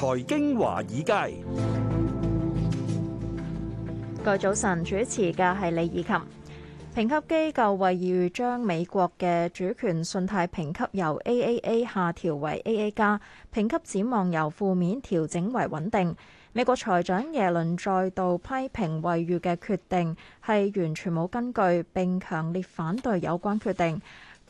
財經華爾街，各位早晨，主持嘅係李爾琴。評級機構惠譽將美國嘅主權信貸評級由 A A A 下調為 A A 加，評級展望由負面調整為穩定。美國財長耶倫再度批評惠譽嘅決定係完全冇根據，並強烈反對有關決定。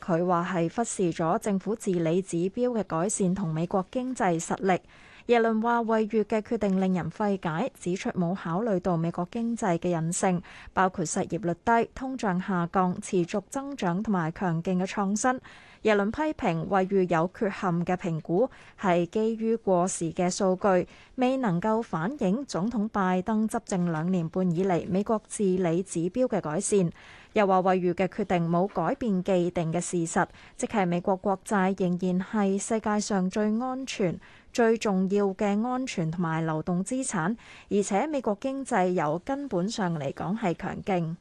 佢話係忽視咗政府治理指標嘅改善同美國經濟實力。耶倫話：惠譽嘅決定令人費解，指出冇考慮到美國經濟嘅韌性，包括失業率低、通脹下降、持續增長同埋強勁嘅創新。耶倫批評惠譽有缺陷嘅評估係基於過時嘅數據，未能夠反映總統拜登執政兩年半以嚟美國治理指標嘅改善。又話惠譽嘅決定冇改變既定嘅事實，即係美國國債仍然係世界上最安全，最重要嘅安全同埋流動資產，而且美國經濟由根本上嚟講，係強勁。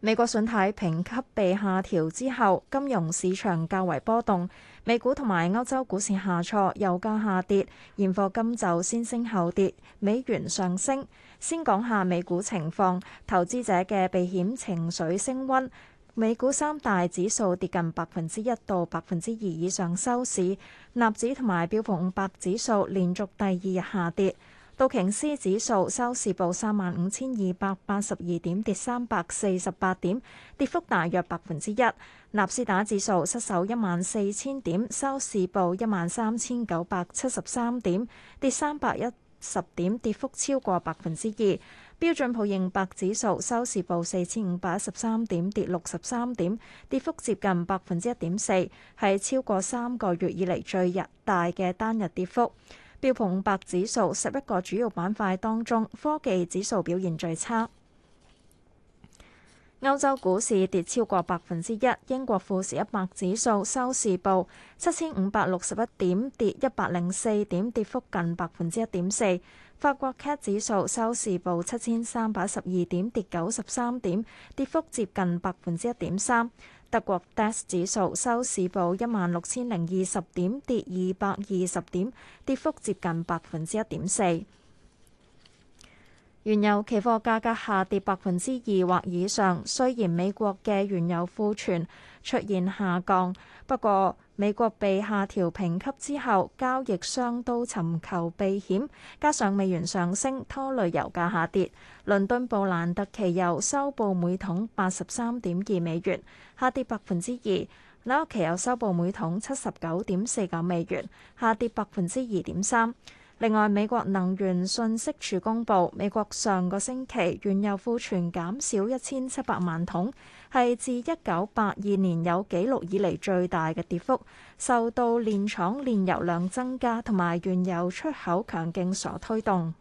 美國信貸評級被下調之後，金融市場較為波動，美股同埋歐洲股市下挫，油價下跌，現貨金就先升後跌，美元上升。先講下美股情況，投資者嘅避險情緒升溫。美股三大指數跌近百分之一到百分之二以上收市，納指同埋標普五百指數連續第二日下跌，道瓊斯指數收市報三萬五千二百八十二點，跌三百四十八點，跌幅大約百分之一。納斯達指數失守一萬四千點，收市報一萬三千九百七十三點，跌三百一十點，跌幅超過百分之二。標準普爾五百指數收市報四千五百一十三點，跌六十三點，跌幅接近百分之一點四，係超過三個月以嚟最日大嘅單日跌幅。標普五百指數十一個主要板塊當中，科技指數表現最差。歐洲股市跌超過百分之一，英國富時一百指數收市報七千五百六十一點，跌一百零四點，跌幅近百分之一點四。法國 CAC 指數收市報七千三百十二點，跌九十三點，跌幅接近百分之一點三。德國 DAX 指數收市報一萬六千零二十點，跌二百二十點，跌幅接近百分之一點四。原油期貨價格下跌百分之二或以上，雖然美國嘅原油庫存出現下降，不過，美國被下調評級之後，交易商都尋求避險，加上美元上升拖累油價下跌。倫敦布蘭特期油收報每桶八十三點二美元，下跌百分之二；紐約期油收報每桶七十九點四九美元，下跌百分之二點三。另外，美國能源信息署公布，美國上個星期原油庫存減少一千七百萬桶，係自一九八二年有紀錄以嚟最大嘅跌幅，受到煉廠煉油量增加同埋原油出口強勁所推動。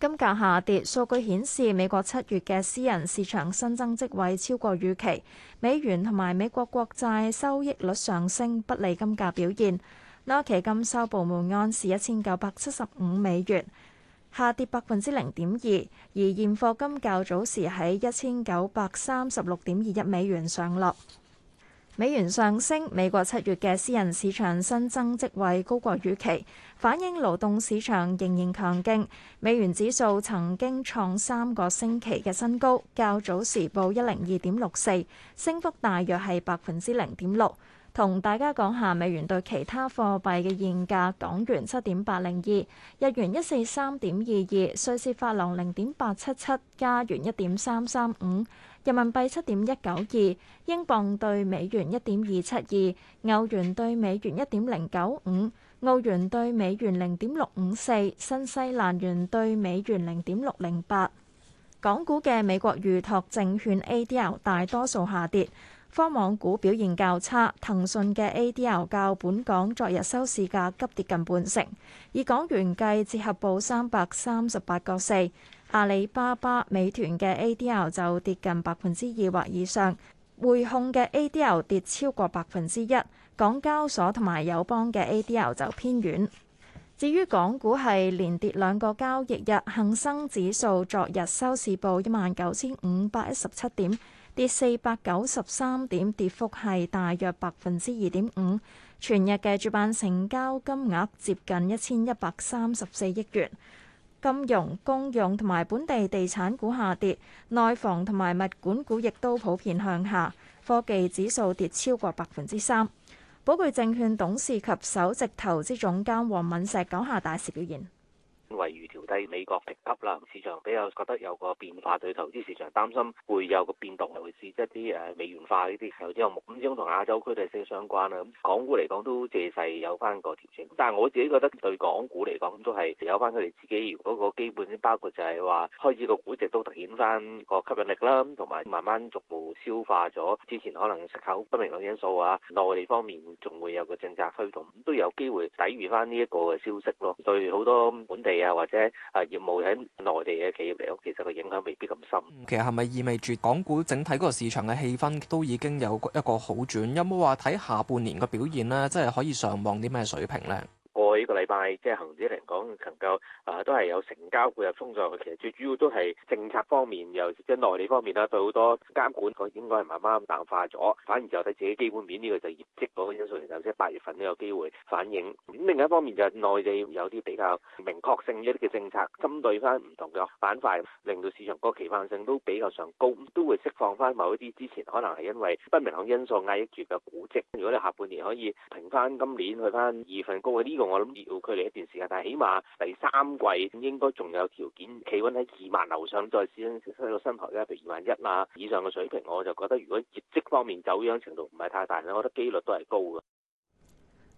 金價下跌，數據顯示美國七月嘅私人市場新增職位超過預期，美元同埋美國國債收益率上升不利金價表現。那期金收部門安士一千九百七十五美元，下跌百分之零點二，而現貨金較早時喺一千九百三十六點二一美元上落。美元上升，美國七月嘅私人市場新增職位高過預期，反映勞動市場仍然強勁。美元指數曾經創三個星期嘅新高，較早時報一零二點六四，升幅大約係百分之零點六。同大家講下美元對其他貨幣嘅現價：港元七點八零二，日元一四三點二二，瑞士法郎零點八七七，加元一點三三五，人民幣七點一九二，英鎊對美元一點二七二，歐元對美元一點零九五，澳元對美元零點六五四，新西蘭元對美元零點六零八。港股嘅美國預託證券 ADR 大多數下跌。科網股表現較差，騰訊嘅 A D L 較本港昨日收市價急跌近半成，以港元計折合報三百三十八個四。阿里巴巴、美團嘅 A D L 就跌近百分之二或以上，匯控嘅 A D L 跌超過百分之一，港交所同埋友邦嘅 A D L 就偏軟。至於港股係連跌兩個交易日，恒生指數昨日收市報一萬九千五百一十七點。跌四百九十三點，跌幅係大約百分之二點五。全日嘅主板成交金額接近一千一百三十四億元。金融、公用同埋本地地產股下跌，內房同埋物管股亦都普遍向下。科技指數跌超過百分之三。寶具證券董事及首席投資總監黃敏石講下大市表現。喺美國評級啦，市場比較覺得有個變化，對投資市場擔心會有個變動，尤其係一啲誒美元化呢啲投資項目咁，之同亞洲區都係息息相關啦。咁港股嚟講都借勢有翻個調整，但係我自己覺得對港股嚟講，都係有翻佢哋自己嗰個基本，包括就係話開始個估值都突顯翻個吸引力啦。同埋慢慢逐步消化咗之前可能出口不明朗因素啊，內地方面仲會有個政策推動，咁都有機會抵禦翻呢一個嘅消息咯。對好多本地啊或者～啊！業務喺內地嘅企業嚟講，其實個影響未必咁深。其實係咪意味住港股整體嗰個市場嘅氣氛都已經有一個好轉？有冇話睇下半年個表現咧？即係可以上望啲咩水平咧？呢個禮拜即係恒指嚟講，能夠啊都係有成交注入衝撞。其實最主要都係政策方面，又即係內地方面啦，對好多監管個應該係慢慢淡化咗。反而就睇自己基本面呢個就業績嗰個因素嚟就即係，八月份都有機會反映。咁另外一方面就係內地有啲比較明確性一啲嘅政策，針對翻唔同嘅板塊，令到市場個期盼性都比較上高，都會釋放翻某一啲之前可能係因為不明朗因素壓抑住嘅估值。如果你下半年可以平翻今年去翻二月份高嘅呢個，我諗。要距離一段時間，但係起碼第三季應該仲有條件企穩喺二萬樓上，再試身推出個新台一，譬如二萬一啊以上嘅水平，我就覺得如果業績方面走樣程度唔係太大，我覺得機率都係高嘅。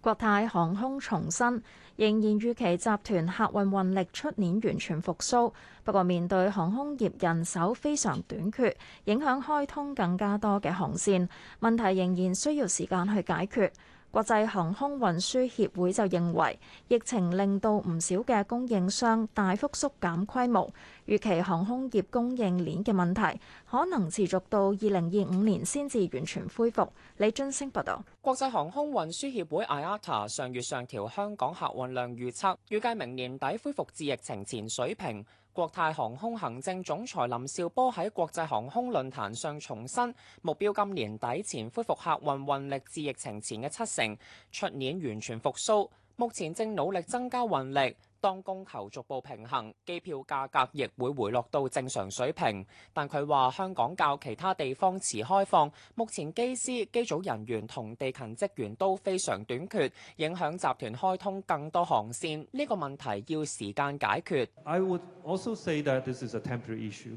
國泰航空重申，仍然預期集團客運運力出年完全復甦，不過面對航空業人手非常短缺，影響開通更加多嘅航線，問題仍然需要時間去解決。國際航空運輸協會就認為，疫情令到唔少嘅供應商大幅縮減規模，預期航空業供應鏈嘅問題可能持續到二零二五年先至完全恢復。李俊升報道。國際航空運輸協會 IATA 上月上調香港客運量預測，預計明年底恢復至疫情前水平。國泰航空行政總裁林紹波喺國際航空論壇上重申，目標今年底前恢復客運運力至疫情前嘅七成，出年完全復甦。目前正努力增加運力，當供求逐步平衡，機票價格亦會回落到正常水平。但佢話香港較其他地方遲開放，目前機師、機組人員同地勤職員都非常短缺，影響集團開通更多航線。呢個問題要時間解決。I would also say that this is a temporary issue.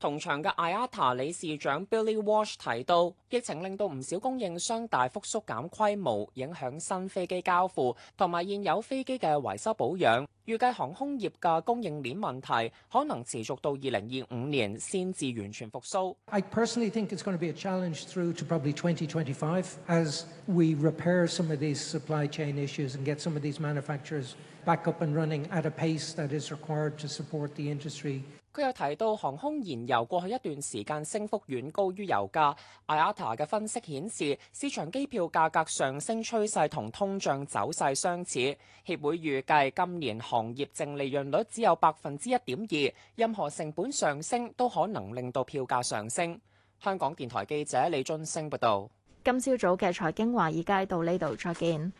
同場嘅 IATA 理事長 Billy Walsh 提到，疫情令到唔少供應商大幅縮減規模，影響新飛機交付同埋現有飛機嘅維修保養。預計航空業嘅供應鏈問題可能持續到二零二五年先至完全復甦。I 佢又提到，航空燃油過去一段時間升幅遠高於油價，IATA 嘅分析顯示，市場機票價格上升趨勢同通脹走勢相似。協會預計今年行業淨利潤率只有百分之一點二，任何成本上升都可能令到票價上升。香港電台記者李津升報道。今朝早嘅財經華爾街到呢度再見。